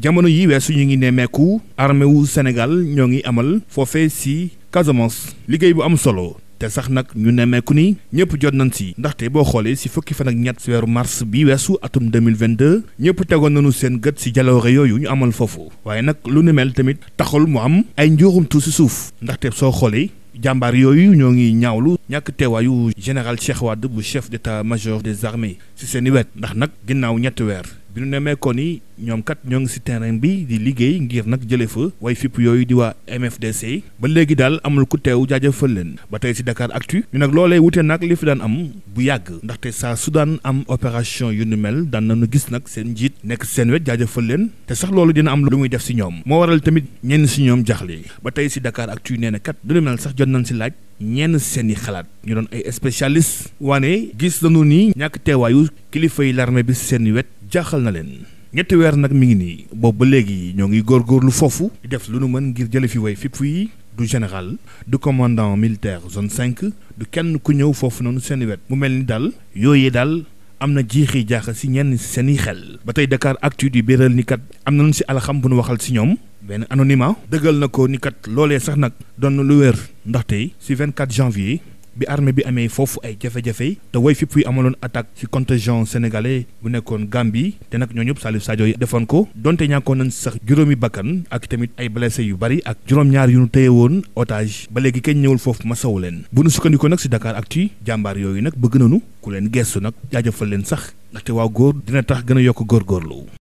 jamono yi weesu ñu ngi nemmeeku armée wu Sénégal ñoo ngi amal foofe ci Casamance liggéey bu am solo te sax nag ñu nemmeeku ni ñëpp jot nañ si ndaxte boo xoolee ci fukki fan ak ñett ci weeru mars bi weesu atum 2022 ñëpp tegoon nañu seen gët ci jaloore yooyu ñu amal foofu waaye nag lu ni mel tamit taxul mu am ay njuuxumtu ci suuf ndaxte soo xoolee jàmbaar yooyu ñoo ngi ñaawlu ñàkk teewaayu général Cheikh Wade bu chef d'état-major des armées ci seen i wet ndax nag ginnaaw ñetti weer bi ñu nemmeekoon yi ñoom kat ñoo ngi si terrain bi di liggéey ngir nag jëlee fa way fipp yooyu di waa MFDC ba léegi daal amul ku teew jaajëfal leen ba tey si Dakar Actu ñu nag loolee wute nag li fi daan am bu yàgg ndaxte saa su daan am opération yu nu mel daan nañu gis nag seen njiit nekk seen wet jaajëfal leen te sax loolu dina am lu muy def si ñoom moo waral tamit ñenn si ñoom jaxle ba tey si Dakar Actu nee na kat lu nu mel sax jot nañ si laaj ñenn seeni xalaat ñu doon ay spécialiste waane gis nañu ni ñàkk teewaayu kilifa yi l'armée bi seen wet jaaxal na leen ñetti weer nag mi ngi nii boobu ba léegi ñoo ngi góor góorgóorlu foofu def lu nu mën ngir jële fi way fipp yi du général du commandant militaire zone 5 du kenn ku ñëw foofu noonu seen wet mu mel ni daal yooyee daal am na jiixi jaaxal si ñenn seeni xel ba tey Dakar Actu di béral ni kat am na lu si alaxam bu nu waxal si ñoom benn anonymat dëggal na ko ni kat loolee sax nag doon na lu wér ndaxte si 24 janvier bi armée bi amee foofu ay jafe-jafe te way fipp yi amaloon attaque ci contingent sénégalais bu nekkoon Gambie te nag ñoo ñëpp Salif Sadio yi defoon ko donte ñàkkoon nañ sax juróomi bakkan ak tamit ay blessé yu bari ak juróom-ñaar yu ñu téye woon otage ba léegi kenn ñëwul foofu ma saw leen bu nu sukkandikoo nag ci Dakar ak ci jàmbaar yooyu nag bëgg nañu ku leen gestu nag jaajëfal leen sax ndaxte waa góor dina tax gën a yokk góorgóorlu